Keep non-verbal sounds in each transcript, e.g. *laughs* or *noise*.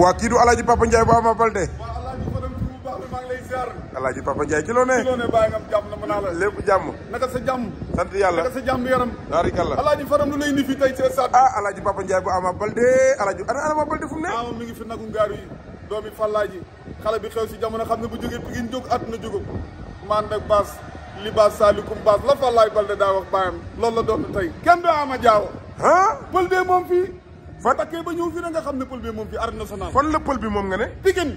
wa ki du alaaji Papa ndjay ba ma balde alaaji Papa ndjay ci lo ne. lepp jam naka sa jam sant yalla naka sa jam yaram. kala alaaji Faram lu lay nifi tay ci sat ah alaaji Papa ndjay bu Ama balde alaaji ana Ama balde fu ne. Ama mi ngi fi nagu ngar yi domi fallaaji xala bi xew si jamono xam ne bu jógee Pikine jóg at na jóg man nak bas li bas salikum bas la fallaay balde da wax bayam loolu la doon tay kembe Ama Jaawo. ha balde mom fi fa takkee ba ñëw fi nga xam ne bi moom fi arène nationale fan la pël bi mom nga ne Pikine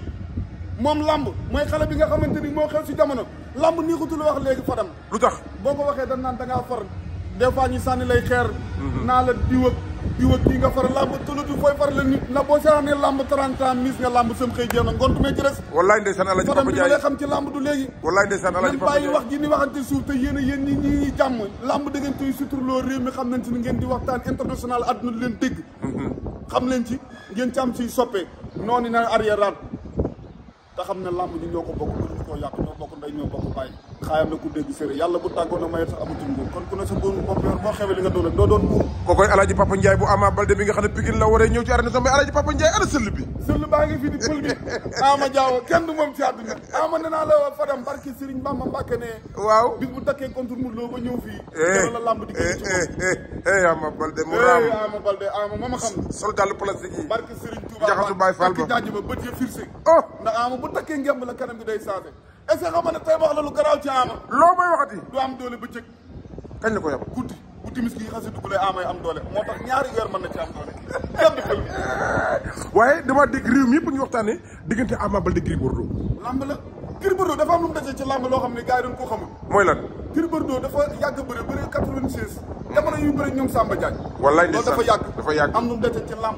moom lamb mooy xale bi nga xamante ni moo xew si jamono lamb nii xutu la wax léegi fadam lu tax boo ko waxee dañ naan da ngaa far des fois ñu sànni lay xeer mhm. naa la diw ak diw ak kii nga far lamb tëlatu fooy far la nit na boo seetaanee lamb 30 ans mis nga lamb sam xëy jéem a ngont mee ci res wallaay ndeysaan alaaji Papa Ndiaye fadam bi xam ci lamb du léegi wallaay ndeysaan alaaji Papa Ndiaye wax ji ni waxante suuf te yéen a yéen ñi ñi jàmm lamb da ngeen koy suturloo réew mi xam nañ si ngeen di waxtaan international àdduna leen dégg mhm. xam leen ci ngeen ci am soppee soppe noonu na arrière te xam ne làmb ji ñoo ko bokk mënuñu koo yàq ñoo bokk ndey ñoo bokk bàyyi xaayam na ku dégg séeréer yàlla bu tàggoon na mayet sax amatul nguur kon ku ne sa buur bopp yoon boo xewee nga doon doo doon buur kookoy alaaji papa ndiaye bu ama balde bi nga xam ne Pikine la waree ñëw ci arène sama alaaji papa ndiaye ana sëll bi sëll baa ngi fi di pël kenn du moom ci àdduna ama ne naa la wa fadam barke Serigne Bamba Mbàkke ne waaw ba eh, eh, la lamb di ci eh, ama balde mu raam ama balde ama mooma xam sol dàll plastique yi barke Serigne ba bët ya firse oh ndax ama bu takkee ngemb la kanam gi day saate est-ce xam nga ne tey wax la lu garaaw ci Ama. loo may waxati. du am doole ko yabal guddi bu timis gi xasee dugg lay Amay am doole moo tax ñaari mi yëpp ñu waxtaanee diggante Ama Baldé Gris Bordeaux. lamb la Gris am lu mu ci lamb loo xam ne gars koo xamul. mooy lan. Gris Bordeaux dafa yàgg bëre bëre 96. jamono yu bëre ñoom Samba Diagne. wallaay ndeysaan dafa yàgg dafa yàgg.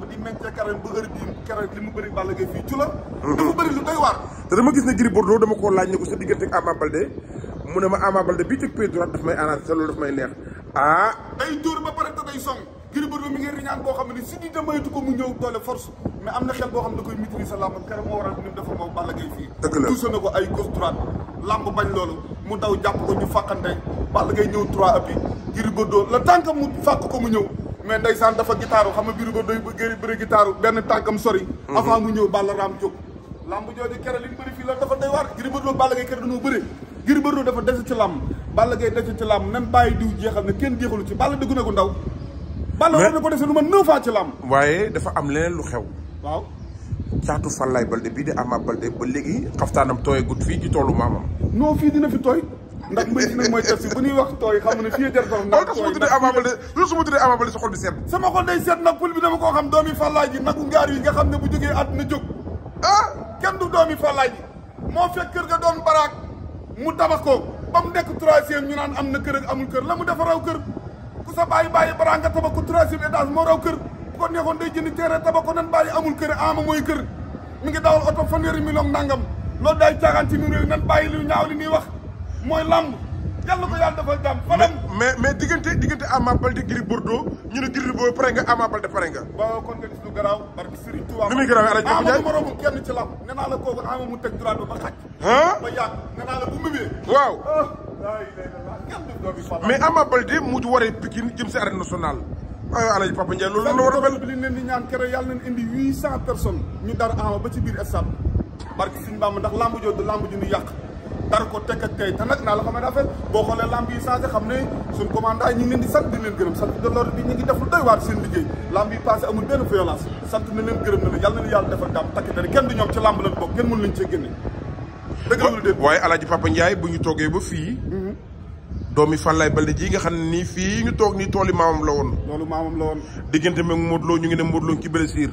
di meññ ca keroog ba heure bii li mu bëri Balla Gaye fii ci la. Mhm. dafa bëri lu doy waar. te dama gis ne Gris Bordeaux dama koo laaj ne ko sa diggante ak Ama Baldé mu ne ma Ama Baldé bii teg pied droit daf may arrangé te loolu daf may neex ah. day dóor ba pare te day song Gris Bordeaux mi ngi riñaan boo xam ne si di damaytu ko mu ñëw doole force mais am na xel boo xam ne da koy maîtriser làmbam kere moo waral a mu dafa moom Balla Gaye fii dëgg la tuuse na ko ay gauche droite làmb bañ loolu mu daw jàpp ko ñu fàqante Balla Gaye ñëw trois appuis Gris Bordeaux la tànkam mu ko mu ñëw mais ndeysaan dafa gitaaru xam nga Gris Bordeaux bëri gitaaru benn tànkam sori mm-hmm. avant mu ñëw Balla raam jóg lamb jooju kere li mu bëri fii la dafa doy waar Gris Bordeaux Balla Gaye kere ne kenn jeexalu ci Balla dëgg na ko ndaw Balla war na ko dese ma neuf ans ci am leneen lu xew waaw caatu Fallaye Balde bii di Ama Balde ba léegi xaftaanam tooye gut fii ci toolu maamam non ne fii jar su xol bi seet sama xol day seet nag pul bi dama koo xam doomi Fallaye ji nagu ngaar yi nga xam ne bu jógee àdduna jóg ah! kenn du doomi Fallaye ji moo fekk kër ga doon baraak mu tabax ko ba mu nekk troisième ñu naan am na kër ak amul kër la mu dafa raw kër ku sa bàyyi baay baraak nga tabax ko troisième étage moo raw kër bu ko neexoon day jënd terrain tabax ko nan bàyyi amul kër ama mooy kër mu ngi dawal oto fanweeri million nangam loolu day caaxaan ci ñun réew nan bàyyi lu ñaaw li ñuy wax mooy làmb yàlla ko yàlla mais mais diggante diggante Bordeaux ñu ne Gris Bordeaux pare nga Ama Baldé pare nga waaw kon nga gis lu garaaw barki Serigne Touba ni muy garaaw ala jàpp jaay moromu kenn ci lam nee naa la kooku ama mu teg droit ba xaj ah ba yàgg nee naa la bu mbébee waaw ah, mais Ama Baldé mu waree Pikine jëm si arène nationale waaye ah, Alaji Papa Ndiaye loolu la war a mel li leen di ñaan kere yàlla nañ indi huit personnes ñu dara Ama ba ci biir stade barki Serigne Bamba ndax lamb jooju lamb ju ñu dar ko teg ak tey te nag naa la xam ne affaire boo xoolee lamb yi changé xam ne suñ commandant ñu leen di sant di leen gërëm sant de l'ordre bi waaye alaaji Papa bu ñu toogee ba fii mhm. doomi Falaye Baldé ji nga xam ne nii fii ñu toog nii tooli maamam la woon loolu maamam la woon diggante mag Modou ñu ngi ne Modou ci blessure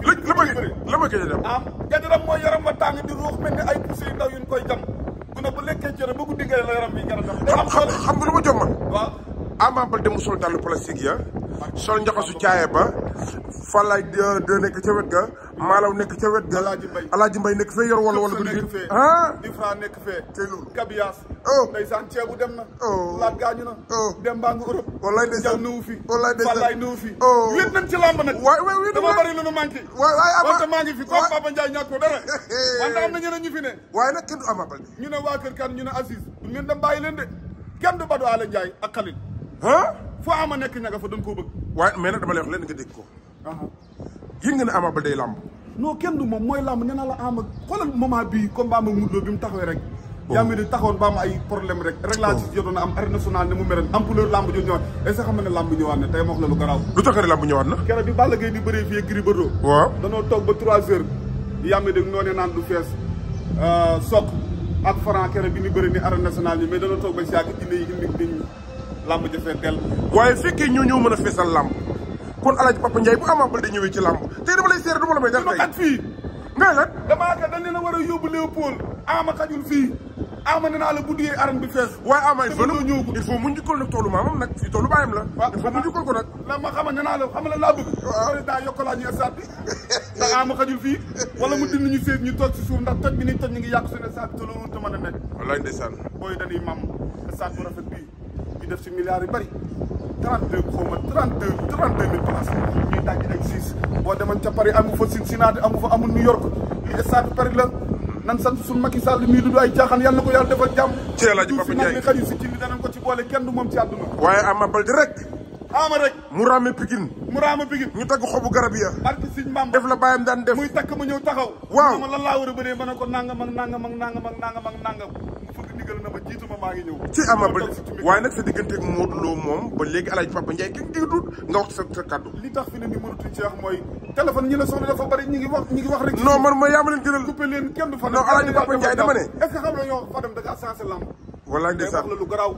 la ma la ma gëj a dem. ah gàncax mooy yaram wa tàng di ruux mel ni ay poussé yu ndaw yu ñu koy jam. bu ne bu lekkee cere ba guddi la yaram bi gën a xam xam nga lu ma jom man. waaw. Ama Baldé mu sol dàllu plastique ya sol njoxasu caaye ba Falaye de nekk ca wet ga Malaw nekk ca wet ga Alaaji Mbay nekk fee yor wala wala bu nekk fee ah di Fra nekk fee te loolu kabiyaas oh ndeysaan ceebu dem na oh! laat gaañu na oh! dem baa ngi Europe wallaay na kenn du Ama Baldé ñu ne waa kan ñu ne Aziz ngeen dem bàyyi leen de kenn du Badou Alé Ndiaye ak ah foo ama nekk ña nga fa dañ koo bëgg. waaye mais nag dama lay wax lenn nga dégg ko. yéen nga ne Ama Baldé day làmb. non kenn du moom mooy làmb nee naa la ama am ak Modou Lo bi mu taxawee rek. yaa ngi nii taxawoon ba am ay problème rek. rek laa ci jotoon a am arène nationale ne mu mel ne ampleur làmb jooju ñëwaat est ce que a di bëree fii ak Gris Bordeaux. waaw danoo toog ba 3 heures. yaa ngi nii noonee naan du fees euh, soq ak Franc keroog bi ñu bëri ni arène nationale bi ba si yàgg jinne yi làmb ja fees dell waaye fekkee ñoo ñoo mën a feesal làmb kon El Papa Ndiaye bu Ama Baldé ñëwee ci làmb tey dama lay seere du ma la may a war a yóbbu Léopold ama xajul fii ama ne naa la bu duyee a nekk wallaay ndeysaan bii def si milliards yu bëri 32 xaw ma 32 32 mille places ñuy daj ay 6 boo demoon ca Paris amu fa Cincinnati amu fa amul New York li stade Paris la nan sant suñu Macky Sall mii du ay caaxaan yàlla ko yàlla defal jàmm. ci El Hadj Papa Ndiaye ko ci boole kenn du ci àdduna. waaye Ama Baldé rek. ama rek. mu raame Pikine. mu raame Pikine. ñu tagg xobu garab ya. barke Sëñ Bamba def la bàyyam daan def. muy takk ma ñëw taxaw. waaw ma lan laa a bëree ma ne ko nangam ak nangam ak nangam ak nangam ak nangam. digal na ma jiitu ma maa ngi ci ama ba waaye nag sa digganteeg Modou moom ba léegi Alaaji Papa Ndiaye kenn déggatul nga wax sa sa kaddu. li tax fi ne ni mënatuñ ci wax mooy téléphone ñi ngi wax rek. non man ma yaa ma leen leen kenn du fa dem non ne. est-ce lu garaaw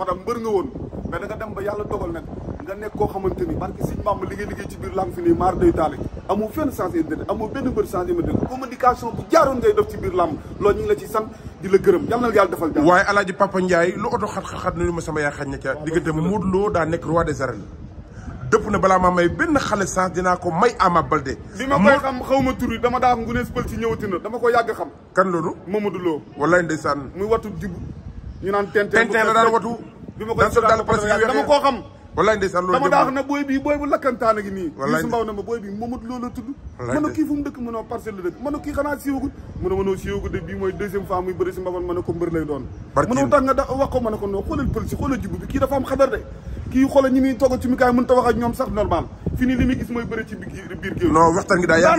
Fadam mbër nga woon mais da nga dem ba yàlla dogal nag nga nekk koo xamante ni barke sëñ Bamba li ngay liggéey ci biir làmb fi nii maar day taale amoo fenn changé dëgg amoo benn bër changé ma dëgg communication di la gërëm yal na yàlla defal jàmm. waaye El Hadj Papa Ndiaye lu oto xat-xat na lu ma sama yaay xaj na ca diggante Modou Lo daa nekk roi des arènes. dëpp na balaa ma may benn xale sens dinaa ko may Ama Baldé. li ma koy xam xaw ma tur yi dama daa am ngu ne spël ci ñëwati na dama ko yàgg xam. kan loolu. Mamadou Lo. wallaay ndeysaan. muy watu jibu ñu naan tenteen. tenteen la daan watu. bi ma koy daan dama koo xam. wallaay ndeysaan na booy bii booy bu lakkantaan nii wallaay su mbaw na ma booy bii Mamadou Lo la tudd mën a kii fu dëkk mën a la dëkk mën a kii xanaa siiwagul mën a mënoo siiwagul de bii mooy deuxième fois muy bëri si mbaban mën a ko mbër lay doon mën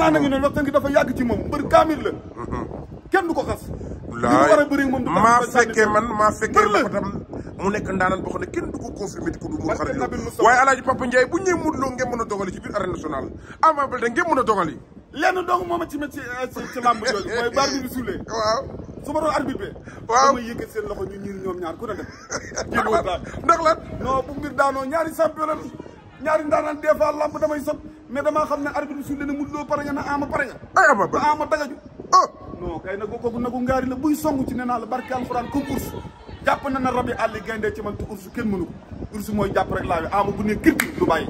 a bëri moom mbër kaamil la mm-hmm. kenn du ko xas li war a bëri fekkee man maa fekkee tam mu nekk ndaanaan boo xam ne kenn du ko confirmé ku dul waaye alaaji Papa Ndiaye bu ñëwee Modou Lo ngeen mën a dogali ci biir a dogali ci eh, ci ci làmb jooju mooy *laughs* baar bi di suulee waaw su ma doon arbitre waaw *laughs* ndax lan non bu mbir daanoo ñaari champion la ñaari ndaanaan des fois damay sot mais damaa xam ne arbitre bi suulee ne Modou Lo pare nga na Ama pare nga ay Ama Baldé Ama dagaju oh. non kay nag kooku nagu ngaari la buy song ci nee la barke jàpp na na rabi àlli gaynde ci man te ursu kenn mënu ko ursu mooy jàpp rek laa wi ama bu ne kirti du bàyyi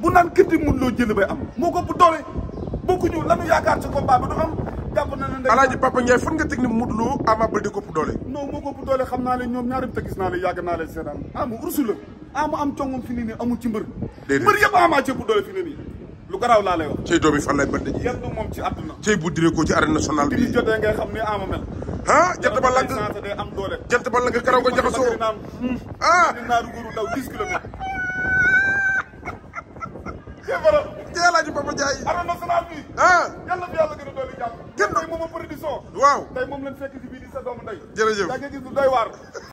bu naan kirti mun loo jël bay am moo ko bu doole bokkuñu la ñu yaakaar ci combat bi du am jàpp na ne alaaji Papa Ndiaye fan nga technique Modou Lo Ama Baldé ko ëpp doole non moo ko ëpp doole xam naa leen ñoom ñaari te gis naa leen yàgg naa leen seetaan ama ursu la ama am congom fi nii nii amul ci mbër mbër yëpp ama ci ëpp doole fi nii lu garaaw laa lay wax cey moom ci àdduna ko ci arène nationale bi jotee ngay ah jant ba lang jant ba lang karaw nga jaxasoo ah. te El Hadj Papa Ndiaye. arène nationale bi. ah yàlla na yàlla gën a dolli jàpp. kenn tey moom a production. waaw tey moom lañ fekk si biir di sa doomu ndey. jërëjëf da nga gis lu doy waar.